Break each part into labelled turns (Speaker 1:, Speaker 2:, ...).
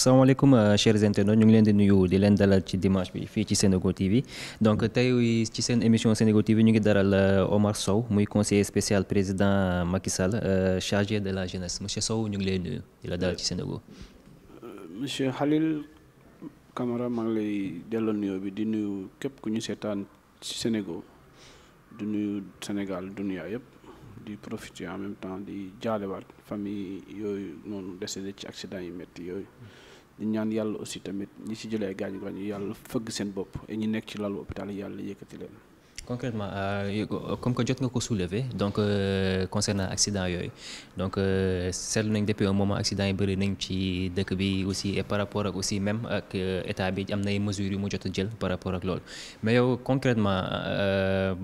Speaker 1: salaamaaleykum euh, chers internautes ñu ngi leen di nuyu di leen dalal ci dimanche bi fii ci Sénégo TV donc tey ci seen émission Sénégo TV ñu ngi daral euh, Omar Sow muy conseiller spécial président Macky Sall euh, chargé de la jeunesse monsieur Sow ñu ngi leen nuyu di la dalal ci Sénégo.
Speaker 2: monsieur xalil Camara maa ngi lay delloo nuyoo bi di nuyu képp ku ñu seetaan ci Sénégo du nuyu Sénégal dunia yëpp. di profiter en même temps di jaalewaat famille yooyu noonu décédé ci accident yi métti yooyu. di ñaan yàlla aussi tamit ñi si jëlee ay gaañu gaañu yàlla fëgg seen bopp et ñi nekk ci lalu hôpital yàlla yëkkati leen.
Speaker 1: concrètement euh, comme que jot nga ko soulever donc euh, concernant accident yooyu donc euh, seetlu nañ depuis un moment accident yi bëri nañ ci dëkk bi aussi par rapport ak aussi même ak état bi am nay mesures yu mu jot a jël par rapport ak lool mais yow concrètement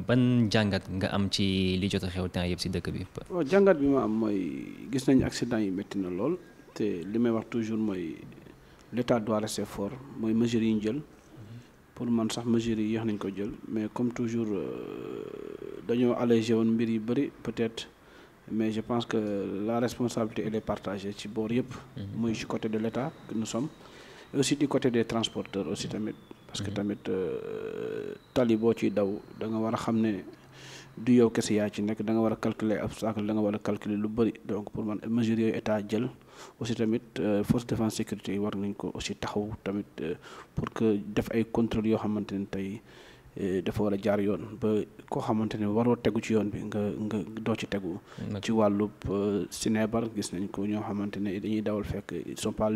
Speaker 1: ban jàngat nga am ci li jot a xew temps yëpp si dëkk bi.
Speaker 2: jàngat bi ma am mooy gis nañ accident yi métti na lool te li may wax toujours mooy. l' état doit mooy mesures yi ñu jël pour man sax mesures yéex nañ ko jël mais comme toujours euh, dañoo allégé woon mbir yu bëri peut-être mais je pense que la responsabilité elle est partagée ci boor yëpp. Mhm. muy ci côté de l' état que nous sommes et aussi du côté des transporteurs aussi mhm. tamit. parce que mhm. tamit euh, tali boo ciy daw danga war a xam ne. du yow kese yaa ci nekk da nga war a calculer obstacle da nga war a calculer lu bëri donc pour man mesures yooyu état jël aussi tamit euh, force défense sécurité yi war nañ ko aussi taxaw tamit euh, pour que def ay contrôle yoo xamante ne tey euh, dafa war a jaar yoon ba koo xamante ne waroo tegu ci yoon bi nga nga doo ci tegu. ci wàllu wàllub sinébar gis nañ ko ñoo xamante ne dañuy dawal fekk ils sont pas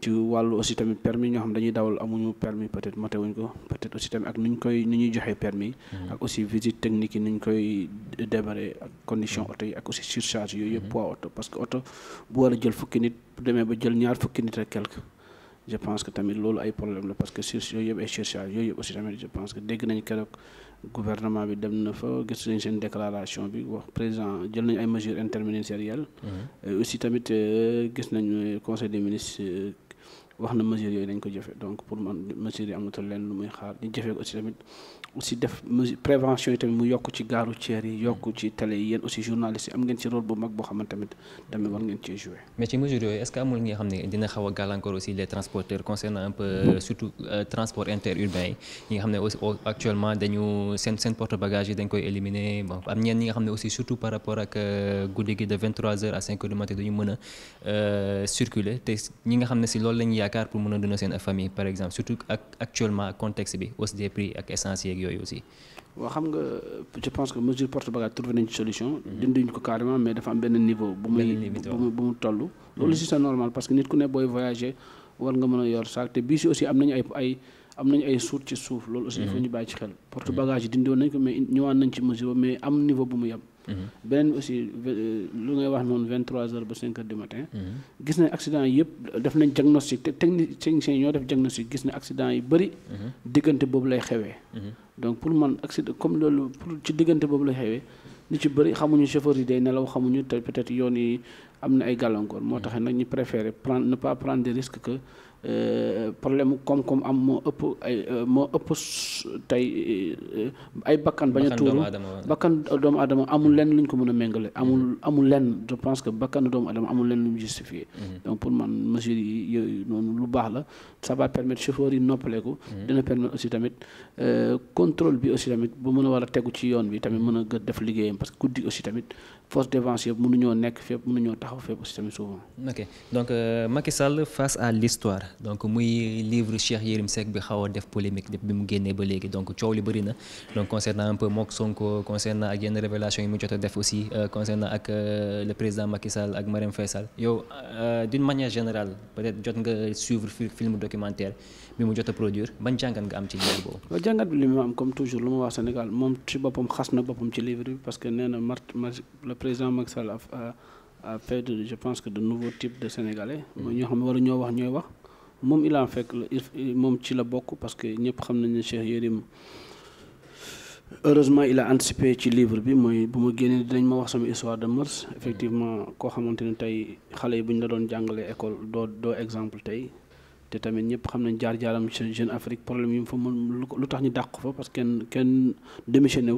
Speaker 2: ci wàllu aussi tamit permis ñoo xam dañuy dawal amuñu permis peut-être matewuñ ko peut aussi tamit ak ni koy ni joxee permis mhm. ak aussi visite technique yi ni koy démarrer ak condition mhm. oto yi ak aussi surcharge yooyu yëpp mhm. poids oto parce que oto bu war a jël fukki nit bu demee ba jël ñaar fukki nit ak quelque je pense que tamit loolu ay problème la parce que sur yooyu yëpp ay surcharge yooyu yëpp aussi tamit je pense que dégg nañ keroog gouvernement wax na mesures yooyu nañ ko jëfe donc pour man mesures yi amatul leen lu muy xaar ñu jëfee ko aussi tamit aussi def mesure yi tamit mu yokk ci gaaru ceer yi yokk ci télé yi yéen aussi journalistes yi am ngeen ci rôle bu mag boo xamante tamit tamit war ngeen cee jouer.
Speaker 1: mais ci mesures yooyu est-ce que amul nga xam ne dina xaw a gàllankoor aussi les transporteurs euh, xam ne aussi actuellement dañu seen seen porte bagage yi dañ koy éliminer bon ñi nga xam ne aussi surtout par rapport ak euh, guddi gi de mën a euh, circuler te ñi nga xam ne si loolu lañu yàgg yaakaar pour mën a dund seen famille par exemple surtout ak actuellement ak contexte bi hausse des prix ak essence yooyu aussi.
Speaker 2: waaw xam nga je pense que mesure porte bagage trouvé nañ ci solution. dinduñ ko carrément mais dafa am benn niveau. bu muy bu mu toll. Mm. loolu si c'est normal parce que nit ku ne booy voyager war nga mën a yor saak te bii si aussi am nañu ay ay am nañu ay suut ci suuf. loolu aussi il mm-hmm. ñu bàyyi ci xel. Mm-hmm. porte bagage yi dindi woon nañ beneen aussi euh, lu ngay wax noonu vingt trois heures ba cinq heures du matin. Mhm. gis nañ accident yi yëpp def nañ diagnostic te technique yi yoo def diagnostic gis ne accident yi bëri. Mhm. diggante boobu lay xewee. Mhm. donc pour man accident comme loolu pour ci diggante boobu lay xewee. ñu ci bëri xamuñu chauffeur yi day nelaw xamuñu te peut-être yoon yi am na ay gàllankoor moo tax nag ñu préférer prendre ne pas prendre des risques que. Euh, problème koom-koom am moo ëpp ay euh, moo ëpp tey euh, ay bakkan bañ a tuuru bakkan doomu aadama amul lenn lu ñu ko mën a méngale amul mhm. amul lenn je pense que bakkan doomu aadama amul lenn lu ñu justifié mhm. donc pour man mesure yi yooyu noonu lu baax la ça va permettre chauffeur yi noppaleeku mhm. dina permettre aussi tamit contrôle bi aussi tamit bu mën a war a tegu ci yoon bi tamit mën a gën def liggéeyam parce que guddi aussi tamit force défense yëpp mënuñoo nekk fépp mënuñoo taxaw fépp aussi tamit souvent.
Speaker 1: ok donc euh, Macky Sall face à l'histoire donc muy livre Cheikh Yérim Seck bi xaw a def polémique depuis bi mu génnee ba léegi donc coow li bëri donc concernant un peu mook Sonko concernant ak yenn révélation yi mu jot a def aussi euh, concernant ak euh, le président Macky ak Marème Faye yow d'une manière générale peut-être jot nga suivre film documentaire bi mu jot a produire ban jàngat nga am
Speaker 2: président Macky Sall a a fait de, je pense que de nouveaux types de sénégalais. Mm. mooy ñoo xam ne waru ñoo wax ñooy wax moom il en fekk moom ci la bokk parce que ñëpp xam nañ ne Cheikh Yérim heureusement il a anticipé ci livre bi mooy bu ma génnee dinañ ma wax sama histoire de mœurs mm. effectivement koo xamante ni tey xale yi bu la doon jàngalee école doo doo exemple tey te tamit ñëpp xam nañ jaar-jaaram Jeune Afrique problème yi mu fa mën lu tax ñu dàq ko fa parce que kenn kenn démissionné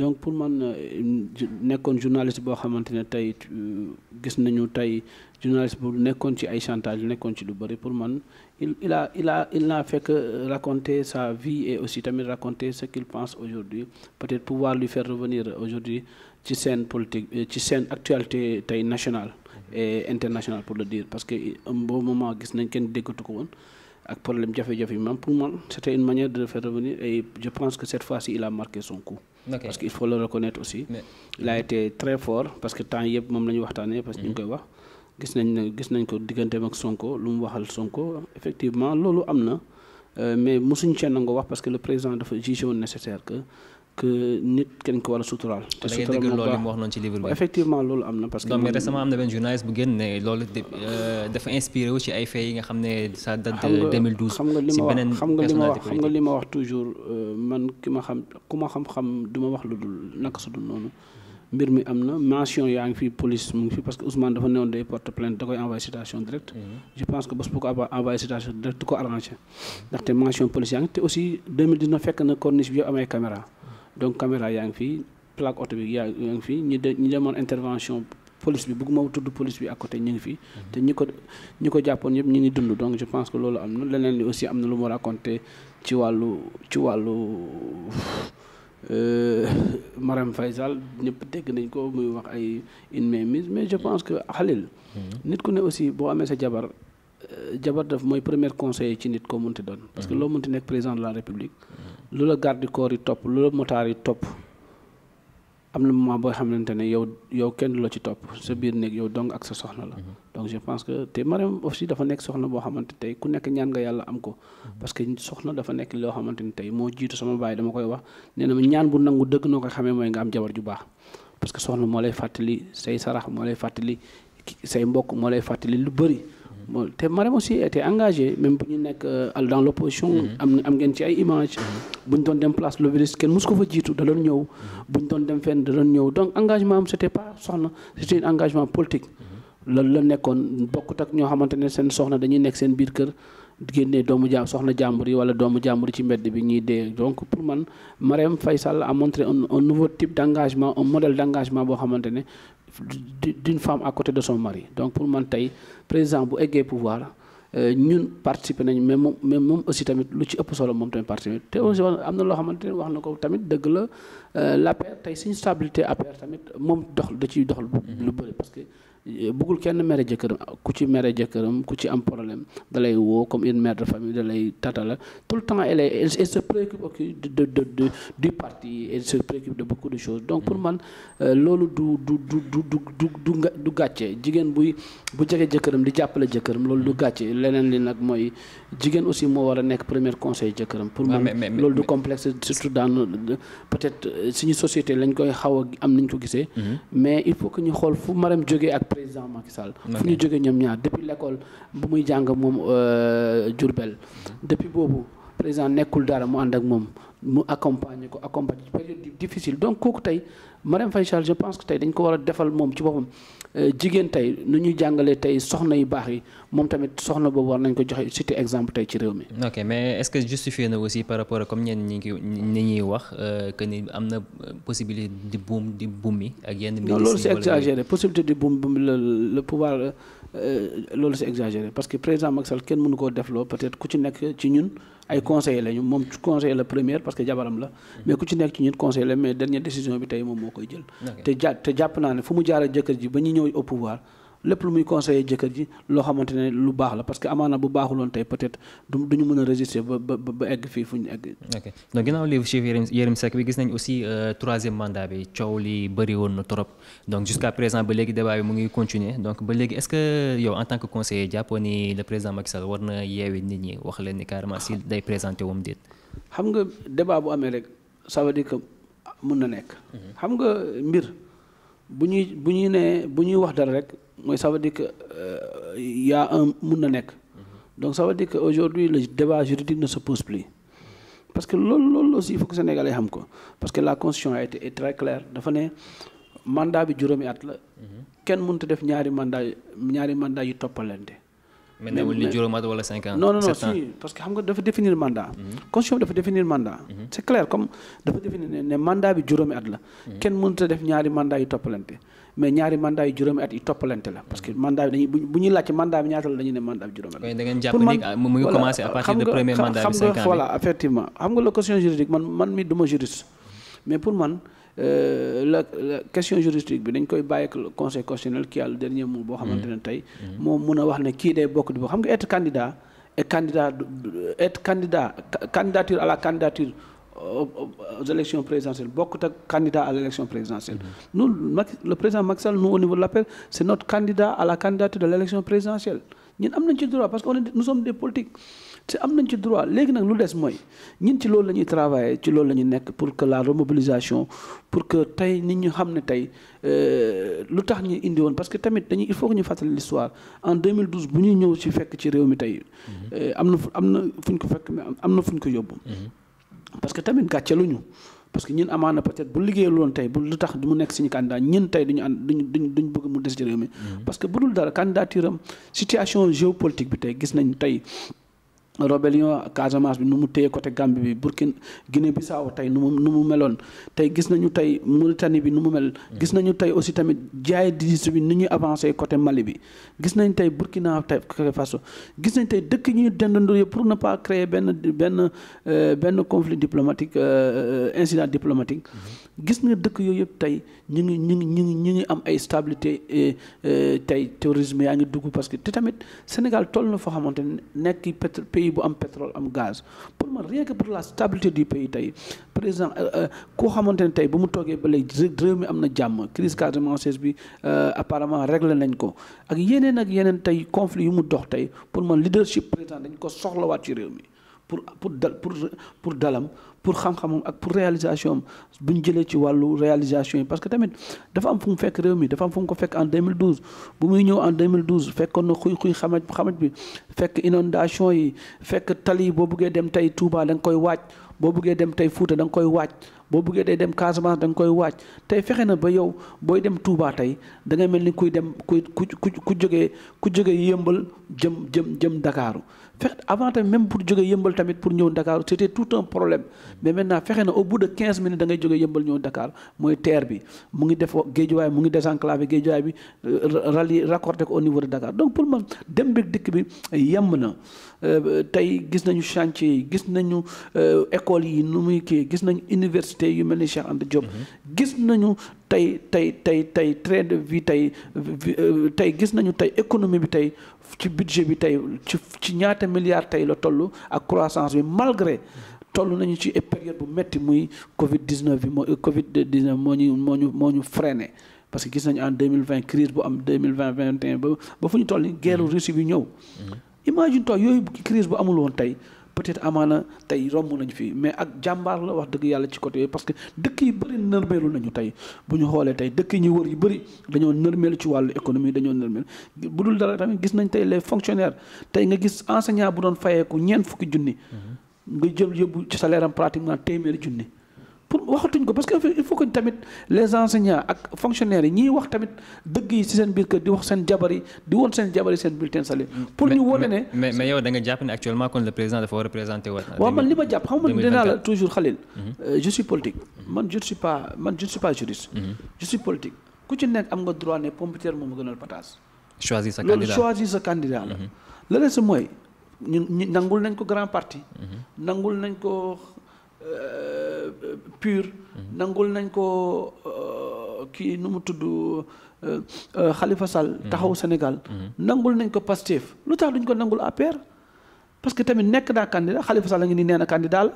Speaker 2: donc pour man euh, nekkoon journaliste boo xamante ne tey euh, gis nañu tey journaliste bu nekkoon ci ay chantage nekkoon ci lu bëri pour man il il a il a il n'a fait raconter sa vie et aussi tamit raconter ce qu'il pense aujourd'hui peut-être pouvoir lui faire revenir aujourd'hui ci scène politique euh, ci scène actualité tey nationale et internationale pour le dire parce que un bon moment gis nañ kenn déggatu ko woon ak problème jafe-jafe man pour man c'était une manière de le faire pense que cette fois-ci il a Okay. parce que il faut le reconnaître aussi. Mais... il a été très fort parce que temps yëpp moom la ñu waxtaanee. parce que ñu ngi koy hmm. wax gis nañ ne gis nañ ko digganteem ak Sonko lu mu waxal Sonko effectivement loolu am na euh, mais mosuñ cee nangoo wax parce que le président dafa jugé woon nécessaire que. que nit kenn ko war a suturaal. te suturaal bu baax mu wax effectivement loolu am na parce que. non mais am
Speaker 1: na benn journaliste bu génn loolu euh, dafa inspiré ci ay faits yi nga xam ne ça date de xam nga li ma wax xam nga li ma wax xam nga
Speaker 2: li ma wax toujours euh, man ki ma xam ku ma xam-xam du ma wax lu dul naka su noonu. mbir mi am na mention yaa ngi fi police mu ngi fi parce que Ousmane dafa newoon day porte plainte da koy envoyé citation directe. Mhm. je pense que bés donc caméra yaa ngi fii plaque oto bi yaa ngi fii ñi de ñi demoon intervention police bi bëgguma tudd police bi à côté ñu ngi fi. Mhm. te ñi ko ñi ko jàppoon yëpp ñu ngi dund donc je pense que loolu am na leneen li aussi am na lu mu raconté ci wàllu ci wàllu euh, Marème Faye Sall ñëpp nañ ko muy wax ay une mise mais je pense que Khalil. Mhm. nit ku ne aussi boo amee sa jabar. Euh, jabar daf mooy premier conseiller ci nit ko munti doon parce que mhm. loo munti nekk président de la république. lu la garde yi topp lu la motaar yi topp am na moment boo xamante ne yow yow kenn du la ci topp sa biir néeg yow dong ak sa soxna la mhm. donc je pense que te Marème aussi dafa nekk soxna boo xamante tey ku nekk ñaan nga yàlla am ko mhm. parce que soxna dafa nekk loo xamante ni tey moo jiitu sama baay dama koy wax nee na ma ñaan bu nangu dëgg noo ko xamee mooy nga am jabar ju baax parce que soxna moo lay fàttali say sarax moo lay fàttali say mbokk moo lay fàttali lu bëri bon te Marème aussi était engagé même bu ñu nekk euh, dans l' opposition. Mhm. am am ngeen ci ay images. Mhm. bu ñu doon dem place l'Obélisque kenn mus ko fa jiitu da ñëw. Mhm. bu doon dem fenn da ñëw donc engagement am c' était pas soxna c' était un engagement politique. loolu la nekkoon bokkut ak ñoo xamante ne seen soxna dañuy nekk seen biir kër. génnee doomu jaam soxna jàmbur yi wala doomu jàmbur ci mbedd bi ñuy dee donc pour man Marème Faye Sall a montré un nouveau type d' engagement un modèle d' engagement boo xamante ne d'une femme à côté de somar mari donc pour man tey président bu eggee pouvoir euh, ñun participer nañ mais moom mais moom aussi tamit lu ci ëpp solo moom tamit participer te aussi am na loo xamante ne wax na ko tamit dëgg la euh, l'APR tey suñu stabilité APR tamit moom dox da ciy dox lu mm-hmm. que bëggul kenn mere jëkkëram ku ci ku ci am problème dalay woo comme une mère de famille dalay tatala tout le temps elle est elle se préoccupe de de de du parti de beaucoup de choses donc pour man euh, loolu du du du du du du du gàcce jigéen buy bu jege jëkkëram di jàppale jëkkëram loolu du gàcce leneen li nag mooy jigéen aussi moo war a nekk première conseil jëkkëram pour man loolu du complexe surtout dans peut-être euh, suñu société lañ koy xaw am nañ ko gisee mhm. mais il faut que ñu xool président Macky Sall. fu ñu jógee ñoom ñaar depuis lekkool bu muy jàng moom euh, Diourbel. Mm-hmm. depuis boobu président nekkul dara mu ànd ak moom mu accompagner ko accompagner ci période difficile donc kooku tey Marème Faye Sall je pense que tey dañ ko war a defal moom ci boppam euh, jigéen tey nu ñuy jàngalee tey soxna yu baax yi moom tamit soxna boobu war nañ ko joxe cité exemple tey ci réew mi.
Speaker 1: ok mais est-ce que justifié na aussi par rapport comme ñenn ni ñuy wax euh, que ni am na euh, possibilité di buum di bumi ak yenn. mbir loolu c'est exagéré
Speaker 2: possibilité di buum buum le pouvoir loolu si exagéré parce que président Macky Sall kenn mënu koo defloo peut-être ku ci nekk ci ñun. ay conseil lañu moom conseiller la première parce que jabaram la mais ku ci nekk ci ñun conseiller la mais dernière décision bi tey moom moo koy jël te jàpp naa ne fu mu jaar a jëkkër ji ba ñu ñëw au pouvoir lépp lu muy conseillé jëkkër ji loo xamante ne lu baax la parce que amaana bu baaxuloon tey peut du duñu mën a résister ba ba ba egg fii fu ñu egg.
Speaker 1: donc ginnaaw livre Cheikh Yérim Yérim bi gis nañ aussi euh, troisième mandat bi coow li bëri woon na trop donc jusqu'à présent ba léegi débat bi mu ngi continuer donc ba léegi est-ce que yow en tant que conseiller jàppoo ni le président Macky Sall war na yeewi nit ñi wax leen ni si day présenté wam déet.
Speaker 2: na nekk. Mhm. xam nga mbir. bu ñuy bu ñuy nee bu ñuy wax dara rek mooy ça veut dire que euh, yaa un mun na nekk donc ça veut dire que aujourd'hui le débat juridique ne se pose plus parce que loolu loolu aussi il sénégal que xam ko parce que la constitution a été est très claire dafa ne mandat bi juróomi at la mhm. kenn mënut def ñaari mandat ñaari mandat yu toppalante
Speaker 1: mais newul li juróom at wala cinq ans. non non non si
Speaker 2: parce que xam nga dafa définir mandat. Mhm. constitution dafa mhm. comme dafa définir ne mandat bi juróomi at la. Mhm. kenn mënut a def ñaari mandat yu toppalante mais ñaari mandat yu juróomi at yu toppalante la parce que mandat bi dañuy bu ñuy laajte mandat bi ñaata la dañuy ne mandat bi juróomi at. kon da
Speaker 1: ngeen ah, mu ngi commencé
Speaker 2: man man mi du ma mais pour man. Euh, la la question juridique bi dañ koy bàyyi conseil constitutionnel qui a le dernier mot boo xamante ne mm. tey mm. moom mun a wax ne kii day bokk di bokk xam nga être candidat et candidat être candidat candidature à la candidature aux élections présidentielles bokkut ak candidat à l' élection présidentielle mm. nous le président Macky Sall nous au niveau de l'APR c' notre candidat à la candidature de l' élection présidentielle ñun am nañ ci droit parce que on est nous sommes des politiques te am nañ ci droit léegi nag lu des mooy ñun ci loolu la ñuy travailler ci loolu la ñu nekk pour que la remobilisation pour que tey nit ñu xam ne tey euh, lu tax ñu indi woon parce que tamit dañuy il ñu fàttali l'histoire en 2012 bu ñuy ñëw ci fekk ci réew mi tey am euh, na am na fu ko fekk am na fu ko yóbbu mm-hmm. parce que tamit gàcceluñu parce que ñun amaana peut-être bu liggéeyul woon tey lu tax du mu nekk ñu candidat ñun tey duñu ànd duñu duñ duñ bëgg mu des ci réew mi mm-hmm. parce que bu dul dara candidature am situation géopolitique bi tey gis nañ tey rébellion Casamance bi nu mu téye côté Gambie bi Burkina Guinée Bissau tey nu mu nu mu meloon tey gis nañu tey Mauritanie bi nu mu mel. Mm. gis nañu tey aussi tamit jaay diis bi nu ñuy avancé côté Mali bi gis nañ tey Burkina tey Faso gis nañ tey dëkk ñuy dendandoo yëpp pour ne pas créer benn benn euh, benn conflit diplomatique euh, euh, incident diplomatique. Mm-hmm. gis nga dëkk yooyu yëpp tey ñu ngi ñu ngi ñu ngi am ay stabilité euh, euh, tey terrorisme yaa ngi dugg parce que te tamit Sénégal toll na foo xamante ne nekk pays bu am pétrole am gaz pour man rien que pour la stabilité du pays tey président euh, koo xamante ne tey ba mu toogee ba léegi réew mi am na jàmm crise Casamance bi apparemment réglé nañ ko ak yeneen ak yeneen tey conflit yu mu dox tey pour man leadership président dañ ko soxlawaat ci réew mi pour pour dal pour pour dalam pour xam-xamam ak pour réalisation am bu ñu jëlee ci wàllu réalisation yi parce que tamit dafa am fu mu fekk réew mi dafa am fu mu ko fekk en 2012 bu muy ñëw en 2012 fekkoon na xuy xuy xamaj xamaj bi fekk inondation yi fekk tali boo buggee dem tey Touba da koy waaj boo buggee dem tey Fuuta da nga koy waaj boo buggee day dem Casamance da nga koy waaj tey fexe na ba yow booy dem Touba tey dangay mel ni kuy dem kuy ku ku ku jóge ku jógee yëmbal jëm jëm jëm Dakaaru fexe avant tamit même bu jógee yëmbal tamit pour ñëw Dakar c' était tout un problème mais maintenant fexe na au bout de 15 minutes da ngay jógee yëmbal ñëw Dakar mooy terre bi mu ngi def géejuwaay mu ngi désenclavé géejuwaay bi euh, rali raccordé ko au niveau de Dakar donc pour man dem bi dikk bi yemb na euh, tey gis nañu chantier yi gis nañu euh, école yi nu muy kii gis nañu université yi mel ni Cheikh Anta Diop mhm. gis nañu tey tey tey tey train de vie tey tey gis nañu tey économie bi tey ci budget bi tey ci ci ñaata milliards tey la toll ak croissance bi malgré toll nañu ci période bu métti muy Covid 19 bi moo Covid 19 moo ñu moo ñu moo ñu freiné parce que gis nañu en deux mille vingt crise bu am deux mille vingt vingt et un ba ba fu ñu toll nii guerre Russie bi ñëw. Mm-hmm. imagine toi yooyu crise bu amul woon tey. peut-être amaana tey romb nañu fi mais ak jàmbaar la wax dëgg yàlla ci côté yooyu parce que dëkk yi bëri nërmeelu nañu tey bu ñu xoolee tey dëkk yi ñu wër yi bëri dañoo nërmeelu ci wàllu économie dañoo nërmeelu bu dul dara tamit gis nañ tey les fonctionnaires tey nga gis enseignant bu doon fayeeku ñeent fukki junni mm-hmm. nga jël yóbbu ci salaire am pratiquement téeméeri junni pour waxatuñ ko parce que il faut que tamit les enseignants ak fonctionnaires yi ñiy wax tamit dëgg yi ci seen biir kër di wax seen jabar yi di woon seen jabar yi seen bulletin salaire. Mm. pour ñu wone ne
Speaker 1: mais yow da jàpp ne actuellement kon le président dafa war a présenter man li ma
Speaker 2: jàpp xam nga man dinaa la toujours Khalil. Mm-hmm. Euh, je politique. man je pas man je mm-hmm. politique ku ci nekk am nga droit ne pompiteer moom gënal pataas.
Speaker 1: loolu choisir
Speaker 2: Euh, pur mhm. nangul nañ ko euh, kii nu mu tudd xalifa euh, Sall mhm. taxaw Sénégal mhm. nangul nañ ko Pastef lu tax duñ ko nangul APR parce que tamit nekk naa candidat Khalifa Sall a ngi nii nee na candidat la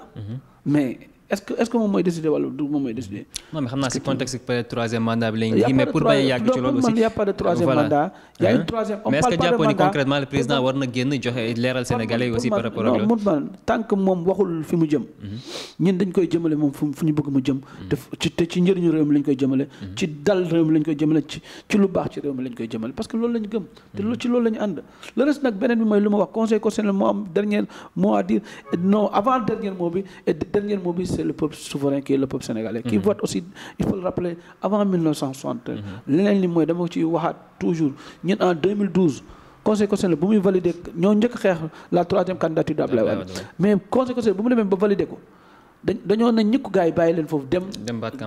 Speaker 2: mais est-ce que est-ce que moom mooy décider wala du moom mooy décider.
Speaker 1: Mm-hmm. yàgg ci loolu aussi y' a pas de troisième mandat. y' a mm-hmm.
Speaker 2: koy jëmale moom fu ñu bëgg mu jëm. Mm-hmm. te ci njëriñu réew mi lañ koy jëmale. ci dal réew mi lañ koy jëmale ci lu baax ci réew mi lañ koy jëmale parce que loolu lañ gëm. te ci loolu lañ ànd le reste nag beneen bi mooy lu ma wax conseil constitutionnel moo am dernier mot avant dernier mot bi c'est le peuple souverain qui est le peuple sénégalais. qui mhm. vote aussi il faut le rappeler avant mhm. leneen li mooy dama ciy waxaat toujours ñun en 2012. conseil bu muy validé ñoo njëkk xeex la troisième candidature d'Abdoulaye Wade mais conseil constitutionnel bu mu demee ba validé ko dañoo ne ñëkk gars yi bàyyi leen foofu dem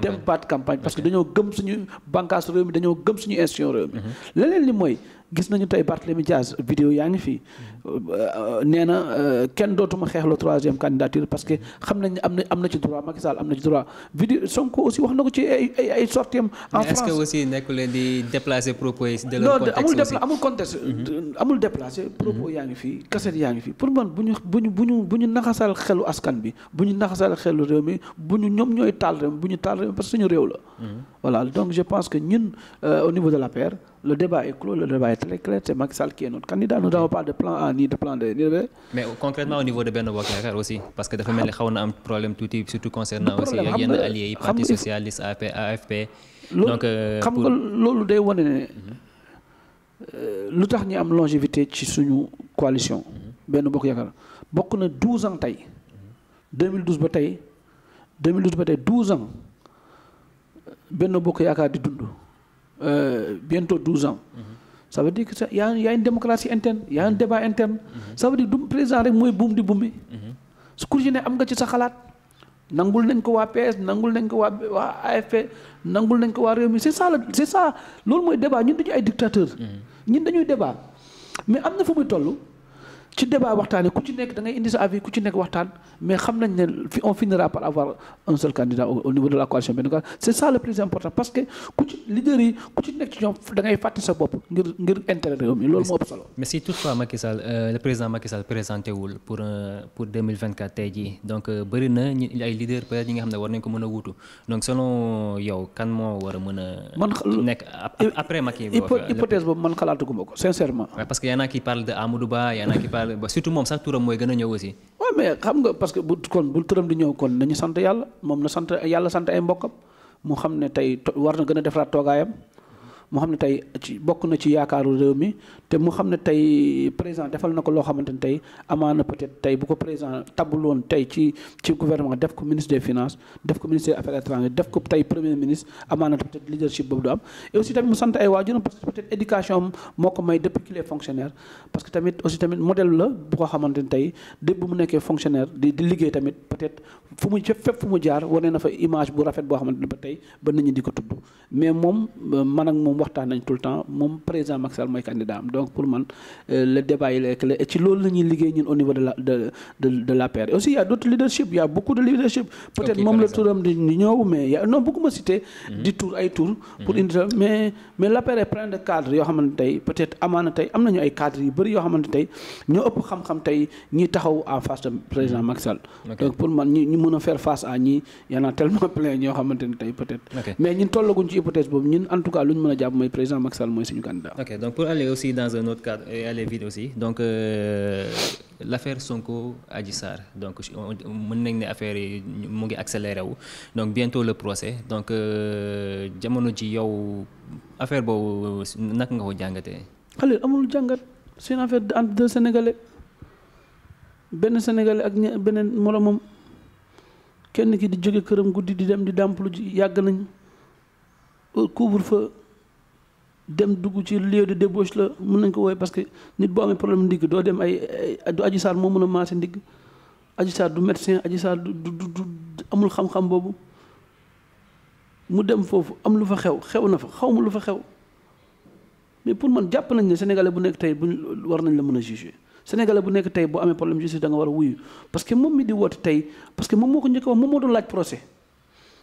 Speaker 2: dem baat campagne parce que dañoo gëm suñu bànqaas réew mi dañoo gëm suñu institution réew mi mhm. leneen li mooy gis nañu tey Barthélemy Diaz vidéo yaa ngi fi nee na euh, kenn dootuma xeex la troisième parce que xam nañ am na am na ci droit Macky Sall am na ci droit vidéo Sonko wax na ko ci ay ay aussi
Speaker 1: nekkul leen di déplacer propos yi de leur contexte non amul amul contexte mhm.
Speaker 2: amul déplacer propos mhm. yaa ngi fii cassette yaa ngi fii pour man bu ñu bu ñu bu ñu bu ñu naxasal xelu askan bi bu ñu naxasal xelu réew mi bu ñu ñoom ñooy taal réew mi bu ñu taal réew mi parce que suñu réew la mhm. voilà donc je pense que ñun euh, au niveau de l'APR le débat est clos le débat est très clair c'est Macky Sall qui est notre candidat nous n'avons pas de plan A ni de plan D ni de B.
Speaker 1: mais concrètement au niveau de Benno Bokk Yaakaar aussi parce que dafa mel ni xaw na am problème tuuti surtout concernant aussi ak yenn alliés yi parti socialiste AFP. Euh, xam nga loolu
Speaker 2: day wane mhm. euh, lu tax ñu am longévité ci suñu coalition. Mhm. benn Bokk Yaakaar bokk na 12 ans tey 2012 mhm. ba tey ba tey 12 ans. benn Bokk Yaakaar di dund euh, bientôt 12 ans. ça veut dire que y' a y' a une démocratie interne y' a un interne. ça du président rek mooy buum di buumi. su ku ne am nga ci sa xalaat. nangul nañ ko waa PS nangul nañ ko waa waa AFP nangul nañ ko waa réew mi c' est ça la c' ça loolu mooy débat ñun dañu ay dictateur mm-hmm. ñun dañuy débat mais am na fu muy toll. ci débat waxtaan ku ci nekk da indi sa avis ku ci nekk waxtaan mais xam nañ ne on finira par avoir un seul candidat au niveau de la coalition benn c' est ça le plus important parce que yi nekk sa bopp ngir ngir intérêt réew mi loolu moo ëpp solo.
Speaker 1: mais si toutefois Macky Sall euh, le président Macky Sall présenté wul euh, euh, na ñu ay xam ne war nañ ko mën a wuutu donc selon yow kan moo war a mën a. man nekk après Macky. hypothèse
Speaker 2: boobu man xalaataguma ko sincèrement.
Speaker 1: parce que y en a parle de Amadou Ba y en parle laal surtout moom sax turam mooy gën a ñëw aussi.
Speaker 2: waaw mais xam nga parce que bu kon bu turam di ñëw kon nañu sant yàlla moom na sant yàlla sant ay mbokkam mu xam ne tey war na gën a defaraat toogaayam mu xam ne tey ci bokk na ci yaakaaru réew mi te mu xam ne tey président defal na ko loo xamante ne tey amaana peut-être tey bu ko président tabul woon tey ci ci gouvernement def ko ministre des finances def ko ministre des affaires def ko tey premier ministre amaana peut-être leadership boobu du am et aussi tamit mu sant ay waajuram parce que peut éducation moo ko may depuis qu'il est fonctionnaire parce que tamit aussi tamit modèle la bu ko xamante ne tey dépp mu nekke fonctionnaire di di liggéey tamit peut-être fu mu fépp fu mu jaar wane na fa image bu rafet boo xamante ne ba tey ba nit ñi di ko tudd mais moom euh, man ak moom waxtaan nañ tout le temps moom président Macky mooy candidat am donc pour man euh, la ñuy liggéey a a beaucoup de leadership peut-être moom la di ñëw mais y a non mhm. di tour ay tour mhm. pour indi mais mais l'APR est plein de yoo xamante tey peut-être amaana tey am nañu ay cadres yu bëri yoo xamante tey ñoo ëpp xam-xam tey ñi taxaw en face de président mhm. Macky donc pour man mën a faire face a ñii y en a tellement plein ñoo xamante ne tey peut-être. Okay. mais ñun tollaguñ ci hypothèse boobu ñun en tout mën a jàpp mooy président Macky Sall mooy suñu candidat.
Speaker 1: ok donc pour aller aussi dans un autre cadre et donc euh, euh, jamono ji yow affaire boobu naka nga ko jàngatee.
Speaker 2: xale amul jàngat c'est une affaire entre deux Sénégalais benn Sénégalais ak beneen moromam. kenn ki di jóge këram guddi di dem di dàmpalu ji yàgg nañ couvre fa dem dugg ci léedu de débauche la mën nañ ko wooye parce que nit boo amee problème ndigg doo dem ay du Adji Sarr moo mën a maase ndigg Adji Sarr du médecin Adji Sarr du amul xam-xam boobu mu dem foofu am lu fa xew xew na fa xaw ma lu fa xew mais pour man jàpp nañ ne sénégalais bu nekk tey buñ war nañ la mën a juger sénégalais bu nekk tey boo amee problème justice da nga war a wuyu parce que moom mi di woote tey parce que moom moo ko njëkk wax moom moo doon laaj procès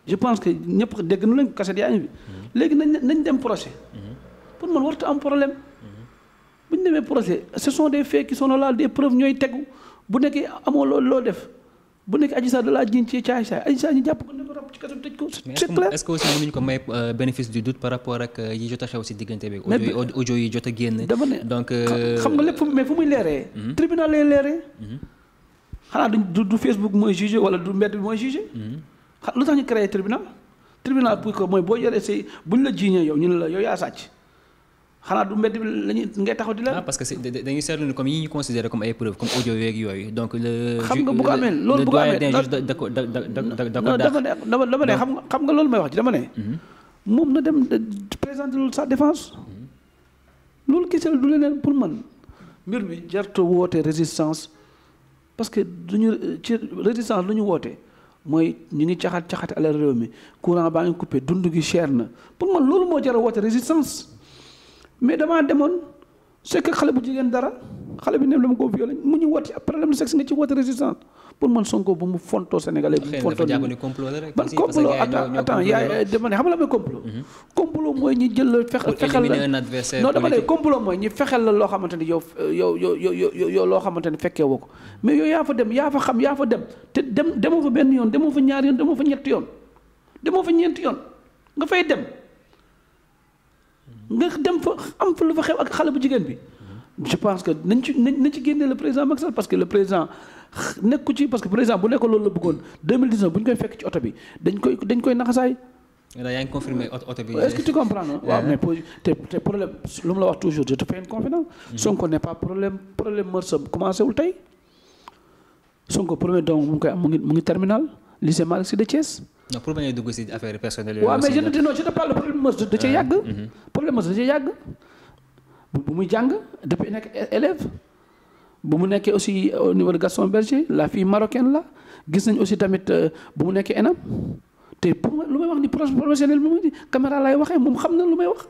Speaker 2: je pense que ñëpp dégg na lañ ko kaset yaa ngi mhm. léegi nañ nañ dem procès mhm. pour man warta am problème mhm. bu ñu demee procès ce sont des faits qui laal là des preuves ñooy tegu bu nekkee amoo loo loo def bu nekk Adji Sarr da laa jiiñ ci caay saay Adji Sarr ñu jàpp ko ne ko
Speaker 1: rab ci kaso tëj ko. c'est clair est-ce que aussi mënuñ ko may euh, bénéfice du doute par rapport ak euh, yi jot a xew si diggante bi. audio yi jot a génn. dama ne donc xam euh,
Speaker 2: nga lépp mais fu muy leeree. Mhm. tribunal lay leeree. Mhm. xanaa du du Facebook mooy jugé wala du mbedd bi mooy jugé. xa mhm. lu tax ñu créé tribunal. tribunal pour que mooy boo yoree say buñ la jiiñee
Speaker 1: yow ñu ne la yow yaa sàcc. xanaa du mbedd bi lañuy ngay taxaw di la. Ah, parce que dañuy seetlu ni comme yi ñu considéré comme ay preuves comme audio yooyu donc. le xam nga bu ko amee loolu bu amee dama
Speaker 2: ne xam nga loolu may wax dama ne. Mhm. moom na dem présenter loolu sa défense. Mhm. loolu kese du leneen pour man mbir mi jarto woote résistance parce que lu ñu résistance lu ñu wootee mooy ñu ngi caxat caxat alal réew mi courant baa ngi coupé dund gi cher na pour man loolu moo jar a woote résistance. mais damaa demoon sekk xale bu jigéen dara xale bi ne la ma ko violé mu ñu woote problème de sexe nga ci woote résistance pour man Sonko bu mu fontoo Sénégalais bu mu fontoo ban complot
Speaker 1: attends attends yaay
Speaker 2: dama ne xam complot mhm. complot mooy ñu jël la loo xamante ni yow yow yow loo xamante ni fekkee woo ko mais yow yaa fa dem yaa fa xam yaa fa dem te dem demoo fa benn yoon demoo fa ñaar yoon demoo fa ñetti yoon demoo fa ñeenti yoon nga fay dem nga dem fa am fa lu fa xew ak xale bu jigéen bi je pense que nañ ci nañ ci génne le président Macky Sall parce que le président nekku ci parce que président bu nekkoon loolu la bëggoon 2019 bu ñu koy fekk ci oto bi dañ koy dañ koy naxasaay.
Speaker 1: daal est-ce que tu comprends
Speaker 2: waaw mais te problème lu mu la wax toujours je te fais une confidence. Mm-hmm. Sonko n'est pas problème problème mërsam tey. Sonko mu ngi koy am mu ngi terminal lycée Malick de Thiès.
Speaker 1: pour bañ a dugg si affaire personnelle. waaw mais je ne non je te parle problème mërs da cee
Speaker 2: problème mos na yàgg bu muy jàng depuis nekk élève bu mu nekkee aussi au niveau de Gaston Berger la fii marocaine la gis nañ aussi tamit euh, bu mu nekkee enam te pour ma lu may wax ni professionnel bi ma di caméra lay waxee moom xam na lu may wax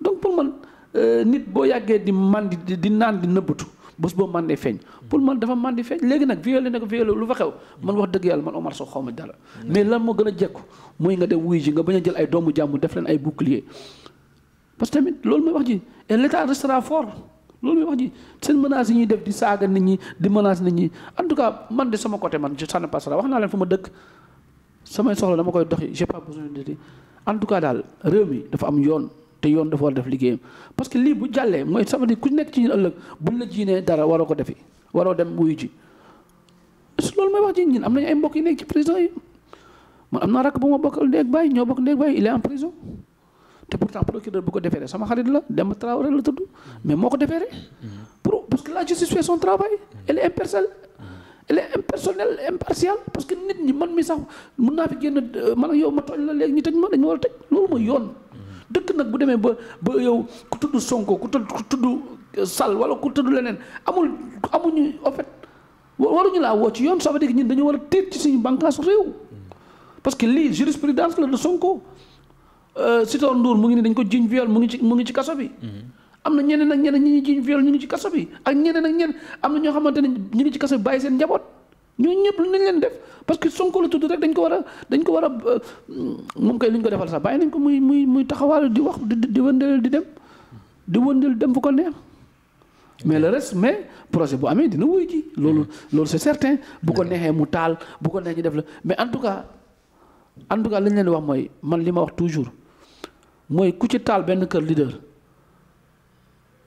Speaker 2: donc pour man euh, nit boo yàggee di man di di naan di nëbbatu bés boo man di feeñ pour man dafa man di feeñ léegi nag violé nag violé lu fa xew man wax dëgg yàlla man Omar Sow xaw ma dara mm. mais lan moo gën a jekku mooy nga dem wuy ji nga bañ a jël ay doomu jàmm def leen ay bouclier parce que tamit loolu mooy wax ji et l' état restera fort loolu mooy wax seen menaces yi ñuy def di saaga nit ñi di menace nit ñi en tout cas man de sama côté man je sànni passera wax naa leen fu ma dëkk samay soxla dama koy doxi j'ai pas en tout cas daal réew mi dafa am yoon te yoon dafa war def liggéeyam parce que lii bu jàllee mooy ça veut ku nekk ci ëllëg buñ la jiinee dara waroo ko defi waroo dem wuyu ji loolu mooy wax ji ñun am nañu ay mbokk yi nekk ci prison yi man am naa rakk bu ma bokkal ndéeg bàyyi ñoo bokk ndéeg bàyyi il est en prison te pourtant procureur bu ko déféré sama xarit la dem Traoré la tudd mais moo ko déféré pour parce que la justice fait son travail elle est impartiale elle est impersonnelle parce que nit ñi man mi sax mun naa fi génn euh, man ak yow ma tooñ la léegi ñu ma dañ ma war a tëj loolu mooy yoon dëkk nag bu demee ba ba yow ku tudd Sonko ku tudd ku tudd euh, Sall wala ku tudd leneen amul amuñu en fait waruñu laa woo ci yoon ça veut ñi ñun dañu war a tiit ci suñu bànqaasu réew parce que lii jurisprudence la Sonko Euh, Sitor Ndour mu ngi ni dañ ko jiñ viol mu ngi ci mu ngi ci kaso bi. Mhm. am na ñeneen ak ñeneen ñi ñu jiñ viol ñu ngi ci kaso bi ak ñeneen ak ñeneen am na ñoo xamante ne ñu ngi ci kaso bi bàyyi seen njaboot ñooñu ñëpp lu nañ leen def parce que Sonko la tudd rek dañ ko war a dañ ko war a euh, moom kay li ko defal sax bàyyi nañ ko muy muy muy taxawal di wax di di wëndeel di dem di wëndeel dem fu ko neex. mais le reste mais projet bu amee dina wuy ji loolu mm. loolu c'est certain bu ko neexee mu taal bu ko neexee ñu def la mais en tout cas en tout cas li ñu leen wax mooy man li ma wax toujours. mooy ku ci taal benn kër leader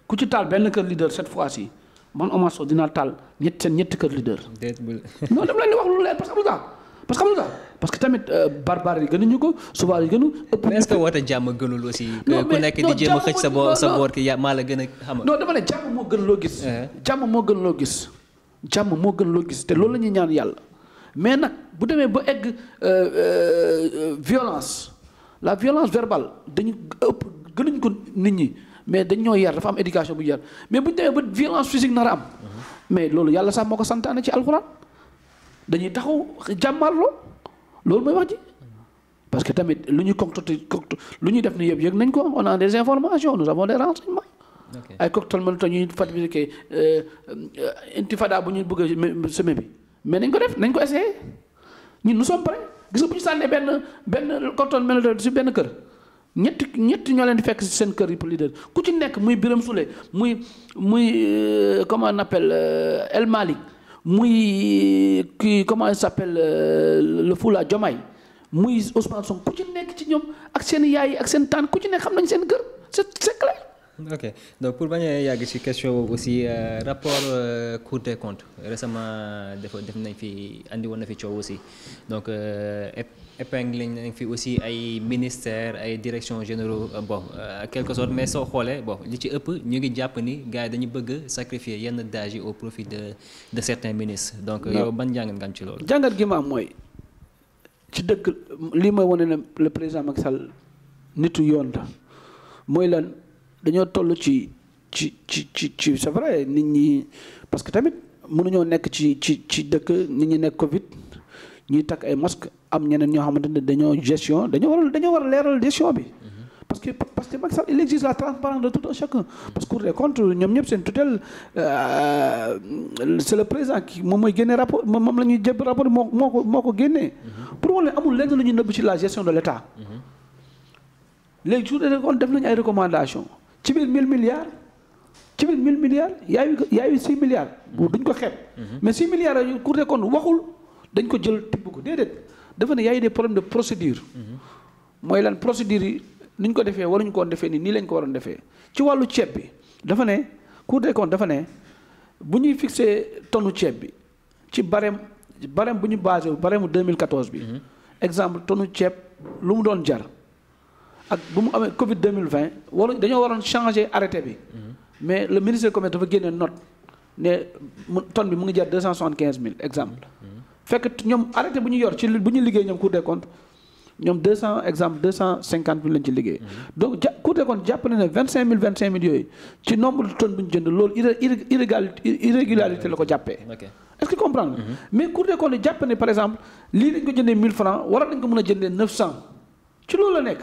Speaker 2: ku ci taal benn kër leader cette fois-ci man Omar Sow dinaa taal ñett seen ñetti kër leader. déet bu non dama wax lu leer parce que am parce que xam nga parce que tamit euh, barbar yi gënuñu ko subaar yi gënu. ëpp est-ce que
Speaker 1: woote jàmm gënul aussi. ku nekk di a sa boor sa boor maa la gën a xam. non dama ne jàmm moo gën loo gis. Uh-huh.
Speaker 2: jàmm moo gën loo gis. jàmm moo gën loo gis te loolu la ñuy ñaan yàlla mais nag bu demee ba egg euh, euh, violence. la violence verbale dañu ëpp gënuñ ko nit ñi mais dañ ñoo yar dafa am éducation bu ñu yar mais bu ñu demee ba violence physique nar a am. mais loolu yàlla sax moo ko santaane ci alxuraan dañuy taxaw jàmmarloo loolu mooy wax ji. parce que tamit lu ñuy concocté lu ñuy def ni yëpp yëg nañ ko on a des informations nous avons des renseignements. ay cocktail mënut a ñuy fatigué euh, euh, intifada bu ñuy bëgg a semé bi mais nañ ko def nañ ko essayé ñun nous sommes prêts. gis bu ñu sànnee benn benn canton mel si benn kër ñett ñett ñoo leen di fekk si seen kër yi leader ku ci nekk muy biram Souleye muy muy euh, comment on appelle euh, El Malick muy kii comment sappel s'appelle euh, le Fula Diomaye
Speaker 1: muy Ousmane Sonko
Speaker 2: ku ci nekk ci ñoom ak seen yaay yi ak seen tànn ku ci nekk xam nañ seen kër c'est c'est
Speaker 1: clair ok donc pour bañ a yàgg ci question boobu aussi euh, rapport euh, Cour des comptes récemment dafa def nañ fi indi woon na fi coow aussi donc euh, épingle nañ fi aussi ay ministères ay directions généraux bon quelque sorte mais soo xoolee bo li ci ëpp ñu ngi jàpp ni gars dañu bëgg sacrifier yenn dages yi au profit de de certains ministres. donc yow ban jàngat nga ci loolu.
Speaker 2: jàngat gi ma am mooy ci dëkk lii mooy wane ne le président Macky sal nitu yoon la mooy lan. dañoo toll ci ci ci ci ci c'est vrai nit ñi parce que tamit mënuñoo nekk ci ci ci dëkk nit ñi nekk Covid ñuy takk ay masque am ñeneen ñoo xamante ne dañoo gestion dañoo war dañoo war a leeral gestion bi. Mhm. parce que parce que Macky Sall il exige la transparence de tout un chacun. parce que Cour des ñoom ñëpp seen tutelle euh, c' est le président qui moom mooy génne rapport moom la ñuy jëb rapport moo moo ko moo ko génnee. Mhm. pour wane amul lenn lu ñu nëbb ci la gestion de l' état. Mhm. léegi Cour des comptes ay recommandations. ci biir 1000 milliards ci biir 1000 yaay yaayu yaayu 6 milliards. Mm-hmm. duñ ko xeeb. Mm-hmm. mais 6 milliards yooyu Cour des comptes waxul dañ ko jël tibb ko déedéet dafa ne yaayu des problèmes de procédure. Mm-hmm. mooy lan procédure yi ni ko defee waruñu ko woon defee nii nii lañ ko waroon defee ci wàllu ceeb bi dafa ne Cour des comptes dafa ne bu ñuy fixé tonnu ceeb bi ci barème barème bu ñu basé wu barème mu 2014 bi. exemple tonnu ceeb lu mu doon jar. ak bu mu amee Covid 2020 wala dañoo waroon changer arrêté bi. Mm-hmm. mais le ministre du dafa génne note ne mu bi mu ngi jar deux cent soixante quinze mille exemple. Mm-hmm. fekk ñoom bu ñu yor ci bu ñu liggéey ñoom Cour des comptes ñoom deux cent exemple deux cent cinquante mille lañ ci liggéey. Mm-hmm. donc ja Cour des comptes jàpp na ne vingt cinq mille vingt cinq mille yooyu ci nombre de tonnes bu ñu jënd loolu irrégularité la mais Cour des comptes jàpp par exemple lii dañ ko jëndee mille francs waroon nañ ko mën a jëndee ci loolu la nekk.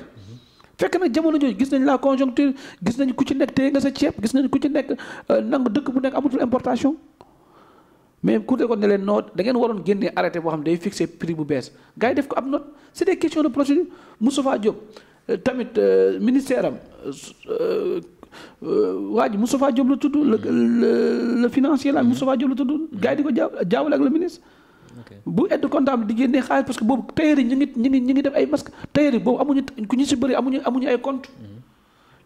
Speaker 2: fekk nag jamono jooju gis nañ la conjoncture gis nañ ku ci nekk téye nga sa ceeb gis nañ ku ci nekk euh, nangu dëkk bu nekk amatul importation mais ku de ko ne leen noot da ngeen waroon génne arrêté boo xam ne day fixé prix bu bees gars yi def ko ab note c' est des questions de procédure Moustapha Diop euh, tamit euh, ministère am waa ji Moustapha Diop la tudd le le financier la Moustapha Diop la tudd gars di ko jaaw jaawale ak le ministre bu aide comptable di génnee xaalis parce que boobu tailleur yi ñu ngi ñu ngi def ay masque tailleur yi boobu amuñu ku ñu si bëri amuñu amuñu ay compte mhm.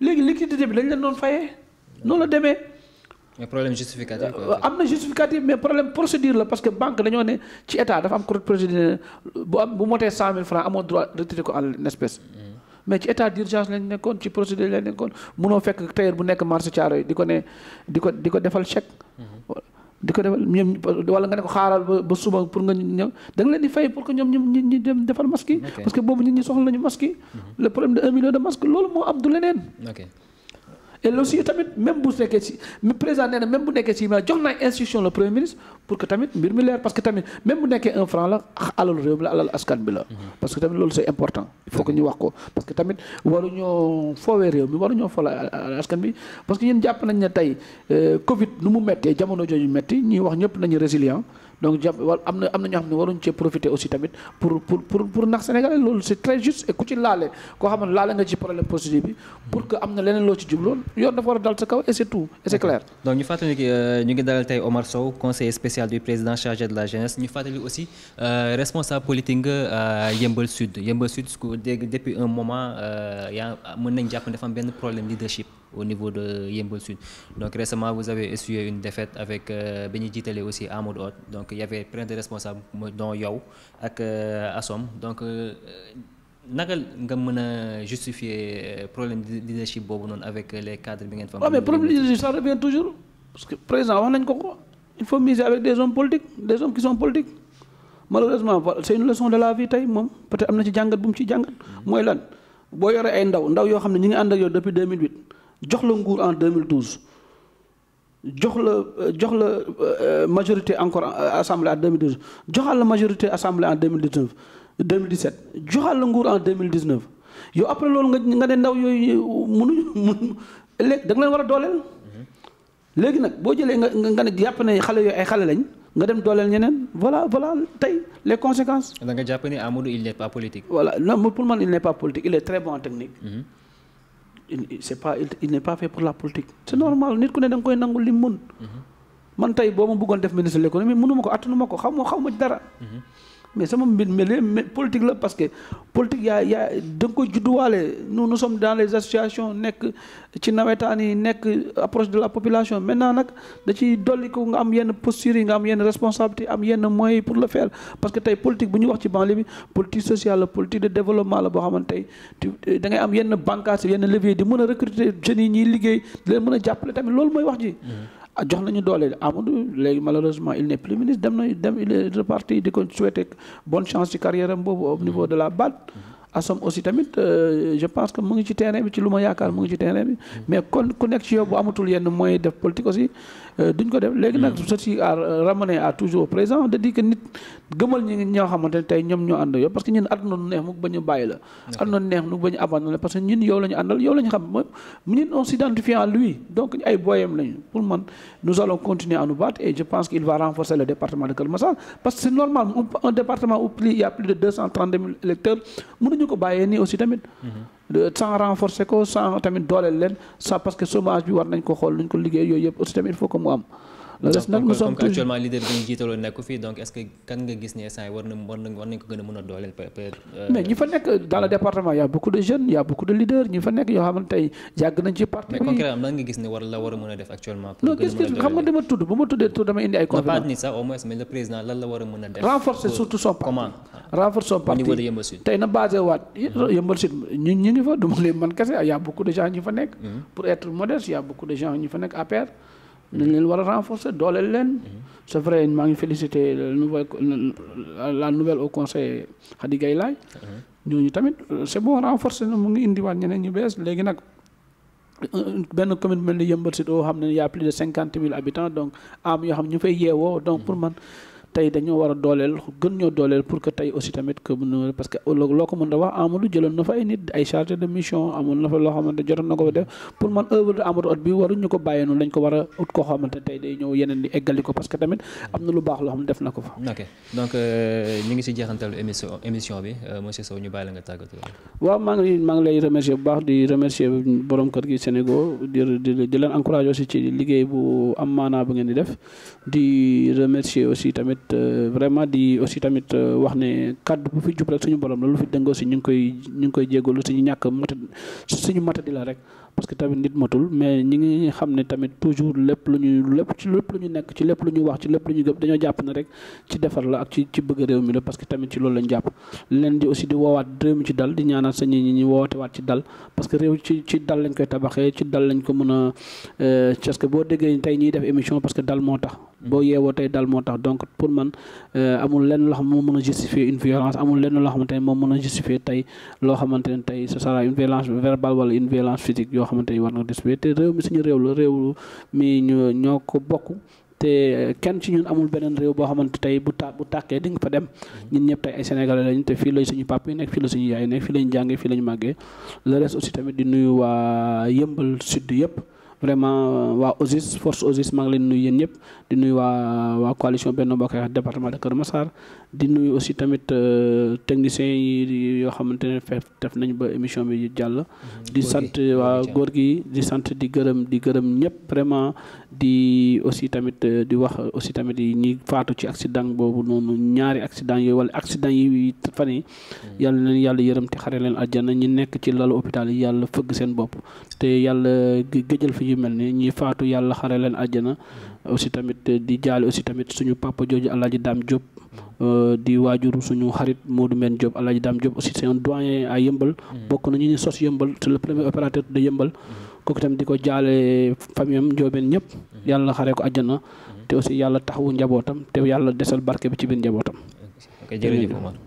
Speaker 2: léegi liquidité bi lañ leen doon fayee noonu la demee. am na justificatif mais problème procédure la parce que banque dañoo ne ci état dafa am code procédure bu am bu motee cent mille francs amoo droit retiré ko en espèce. Mhm. mais ci état d'urgence lañ nekkoon ci procédure lañ nekkoon mënoo fekk tailleur bu nekk di ko ne ko di di ko defal ñoom wala nga ne ko xaaral ba suba pour nga ñëw da leen di fay pour que ñoom ñu ñu dem defar masque yi parce que boobu nit ñi soxla nañu masque yi mhm. problème de un million de loolu moo am du leneen et loolu aussi tamit même bu nekkee si président nee na même bu nekkee si jox naa instruction le premier ministre pour que tamit mbir mi leer parce que tamit même bu nekkee un franc la alalu réew mi la alalu askan bi la. Mhm. parce que tamit loolu c'est important. il faut ñu wax ko parce que tamit waruñoo foowee réew mi waruñoo la askan bi parce que ñun jàpp nañ ne tey euh, Covid nu mu méttee jamono jooju metti ñuy wax ñëpp nañu résilient. donc jam wal am na am na ñoo xam ne waruñ cee profiter aussi tamit pour pour pour pour nax sénégalais loolu c'est très juste et ku ci laale koo xam ne laale nga ci problème procédure bi pour que am na leneen loo ci jubloon yoon dafa war a dal sa kaw et c'est tout et
Speaker 1: c'est clair donc ñu fàttali euh, ñu ngi dalal tey Omar Sow conseiller spécial du président chargé de la jeunesse ñu fàttali aussi euh, responsable politique nga euh, Yëmbal Sud Yëmbal Sud ku dégg depuis un moment yaa mën nañ jàpp ne dafa am benn problème leadership au niveau de Yembol Sud. Donc récemment, vous avez essuyé une défaite avec euh, Benny Donc il y avait plein de responsables, euh, Donc, euh, nagal nga mën a justifier euh, problème de leadership boobu noonu avec les cadres bi ngeen fa. waaw mais problème de leadership
Speaker 2: ça revient toujours parce que président wax nañ ko ko avec des hommes politiques des hommes qui sont malheureusement c' est une leçon de la vie tey moom peut être am na ci jàngat bu mu ci jàngat. mooy lan boo yoree ay jox la nguur en 2012 jox la euh, jox la euh, majorité encore euh, assemblée en 2012 joxal la majorité assemblée en 2019 2017 joxal la nguur en 2019 yow après loolu nga nga ne ndaw yooyu munuñu mun léegi da leen war a dooleel. Mhm. léegi nag boo jëlee nga nga ne jàpp ne xale yooyu ay xale lañ nga dem dooleel ñeneen voilà voilà tey les conséquences. da nga jàpp ne Amadou il n'est pas politique. voilà non pour man il n'est pas politique il est très bon technique. Mhm. c'est pas il n'est pas fait pour la politique c'est normal nit ku ne da koy nangul li mu mhm. man tey boo ma bëggoon def ministre de l'économie mënuma ko attanu ma ko xaw ma xaw ma dara mhm. mais sama mbir mais politique la parce que politique yaa yaa da koy judduwaale nous nous dans les associations nekk ci nawetaan yi nekk approche de la population maintenant nag da ci dolli ko nga am yenn postures yi nga am yenn responsabilité am yenn moyens pour le faire parce que tey politique bu ñuy wax ci banlieue bi politique sociale la politique de développement la boo xamante tey euh, da am yenn bànqaas yenn levier di mën a recruter jeunes yi ñuy liggéey di leen mën a jàppale tamit loolu mooy wax ji mmh. Ah, jox nañu doole Amadou léegi malheureusement il n'est plus ministre dem na dem il est reparti di ko souhaiter bonne chance ci carrière am au niveau de la BAD. Assome aussi tamit euh, je pense que mu ngi ci terrain bi ci lu ma yaakaar mu ngi ci terrain bi mm. mais kon bu amatul yenn moyen def politique aussi euh, duñ ko def léegi nag mm. ceci à ramener à toujours présent de que nit gëmal ñi ñoo xamante ne tey ñoom ñoo ànd yow parce que ñun àdduna nu neex mu bañ a bàyyi la àdduna nu neex mu bañ a abandonné parce que ñun yow la ñu yow la xam mooy ñun on s'identifie en lui donc ay booyam lañu pour man nous a ñu ko bàyyee nii aussi tamit. Mm-hmm. Euh, sans renforcer ko sans tamit dooleel leen ça parce que chômage bi war nañ ko xool nuñ ko liggéey yooyu yëpp aussi tamit il faut mu am. la des nag
Speaker 1: leader bi jiitaloo nekk fii donc est-ce que kan nga gis ne saa war na war na ko gën a mën a dooleel mais ñi
Speaker 2: fa nekk dans
Speaker 1: gis ne war la war a mën a def actuellement gis gis xam nga
Speaker 2: dama tudd bu ma tuddee tur
Speaker 1: dama indi ay conférence pas sax au moins mais le président lan la war a mën a def renforcer
Speaker 2: surtout son parti renforcer son parti tey na basé waat Yeumbeul Sud ñu ñu fa du ma leen man kese y a beaucoup de gens ñi fa nekk pour être modeste y dañ leen war a renforcer dooleel leen. Mhm. c'est vrai maa ngi féliciter le la nouvelle au conseil Khady Gaye Laye. Mhm. ñooñu tamit c'est bon renforcer na mu ngi indiwaat ñeneen ñu bees léegi nag. benn commune mel ni Yeumbeul Sud oo xam ne y a plus de cinquante mille habitants donc am yoo xam ñu fay yeewoo donc mhm. pour man. tey dañoo war a dooleel gën ñoo dooleel pour que tey aussi tamit que mun parce que loo ko mën a wax Amadou jëloon na fa ay nit ay chargé de mission amoon na fa loo xamante jotoon na ko fa def pour man œuvre de Amadou Hott bi waruñu ko bàyyee noonu lañ ko def na ko fa.
Speaker 1: Euh, euh,
Speaker 2: waaw maa ngi maa ngi lay remercier bu baax di remercier borom kër gi Sénégal di di leen aussi ci liggéey bu am maanaa bu ngeen di def di remercier aussi tamit tamit euh, vraiment di aussi tamit euh, wax ne kàddu bu fi jub rek suñu borom la lu fi dëngoo si ñu ngi koy ñu ngi koy jégalu suñu ñàkk mata suñu matadi la rek parce que tamit nit matul mais ñi ngi xam ne tamit toujours lépp lu ñu lépp ci lépp lu ñu nekk ci lépp lu ñu wax ci lépp lu ñu gëm dañoo jàpp na rek ci defar la ak ci bëgg réew mi la parce que tamit ci loolu lañ jàpp leen di aussi di woowaat réew mi ci dal di ñaanal sañ ñu wootewaat ci dal parce que réew ci ci dal lañ koy tabaxee ci dal lañ ko mën a euh, parce boo déggee tey ñiy def parce que dal moo tax boo yeewoo tey dal moo tax donc pour man euh, amul lenn loo xam moo mën a justifier une violence amul loo xamante ne moom mën a justifier tey loo xamante ne tey ce sera une violence verbale wala une violence physique yoo xamante ni war na justifier te réew mi suñu réew la réew mi ñu ñoo ko bokk te kenn ci ñun amul beneen réew boo xamante tey bu taa bu tàkkee di nga fa dem ñun ñëpp tey ay sénégalais lañu te fii la suñu papa yi nekk fii la suñu yaay nekk fii lañu jàngee fii lañu màggee le reste aussi tamit di nuyu waa yëmbal sud yëpp. vraiment euh, waa ausis force OSIS maa ngi leen nuyu yéen ñëpp di nuyu waa waa coalition benn Bokk Yaakaar département de Kër Massar di nuyu aussi tamit euh, techniciens yi yoo xamante ne fee def nañu ba émission bi jàll mhm. di sant waa góor gi di sant di gërëm di gërëm ñëpp vraiment di aussi tamit euh, di wax aussi tamit yi ñi faatu ci accident boobu noonu ñaari accident yooyu wala accident yi fan yi hmm. yàlla leen yàlla yërëm te xare leen àjjana ñi nekk ci lalu hôpital yàlla fëgg seen bopp te yàlla géjal fi yu mel ni ñi faatu yàlla xare leen àjjana hmm. aussi tamit euh, di jaale aussi tamit suñu papa jooju Alaaji Daam Diop hmm. euh, di waajur suñu xarit Modou Mbène Diop Alaaji Daam Diop aussi c'est un doyen à Yëmbal bokk na ñu ñu sos Yëmbal c'est le premier opérateur de kooku itam di ko jaale famille am njoobeen ñëpp mhm. yàlla xaree ko àjjana mhm. te aussi yàlla taxawu njabootam te yàlla desal barke bi ci biir njabootam.
Speaker 1: ok jërëjëf